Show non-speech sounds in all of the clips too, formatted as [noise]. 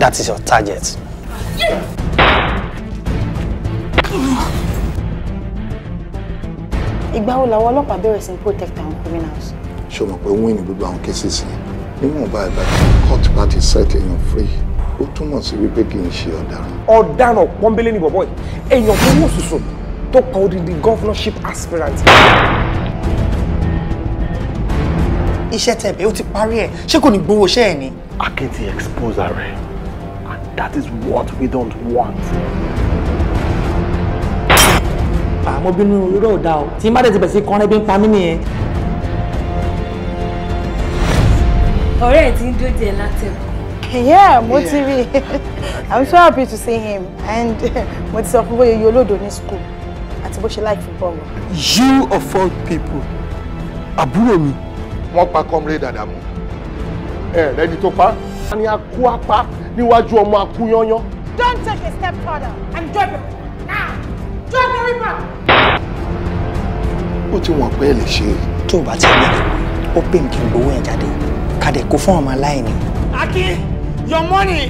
That is your target. Ìgbà wo làwọn ọlọ́pàá bẹ̀rẹ̀ protect àwọn criminals? Ṣé mo mọ̀ pé wọ́n ní gbogbo àwọn cases yẹn? Níwọ̀nba ba tí court party ti set èèyàn free, ó mo sí wípé kì í ṣe ọ̀daràn. Ọ̀daràn pọ́nbélé ni bọ̀bọ̀ yìí. Èèyàn tó wọ́n sùsùn tó kọ odidi governorship aspirant iṣẹ́ tẹ̀bẹ̀ ó ti parí ẹ̀ ṣé kò ní gbowó iṣẹ́ ẹ̀ ni. akin ti expose ara ẹ̀ That is what we don't want. Àmọ́ ah, bínú irọ́ ò dá o. Tí n bá dẹ̀ ti bẹ̀ sí kọ́rin bí ń pa mí nìyẹn. Ọ̀rẹ́ ẹ̀ ti ń dójú ẹ̀ látẹ̀kùn. Yeah, mo ti rí. I'm so happy to see him and [laughs] mo ti sọ fún bóyá iye olódò ní school àti bó ṣe like football. You of all people, àbúrò mi. Wọ́n pa comrade Adamu. Ẹ lẹ́ni tó pa. Wọ́n ní a kú apá níwájú ọmọ akúnyányán. Don't take a step further and drop it now drop the ribbon. ó ti wọ̀n pé ẹ lè ṣe. tó o bá ti rí ó pè mí kí n gbowó yẹn jáde kàdé kó fún ọmọ aláìní. Aki, your money.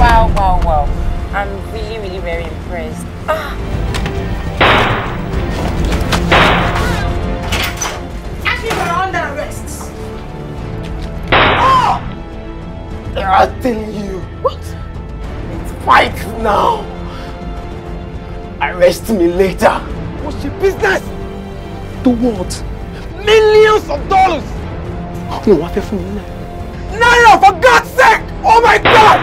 Wow, wow, wow. I'm really, really very impressed. Ah. I'm telling you. What? It's fight now. Arrest me later. What's your business? To what? Millions of dollars! No, I feel me now. Naira, for God's sake! Oh my God!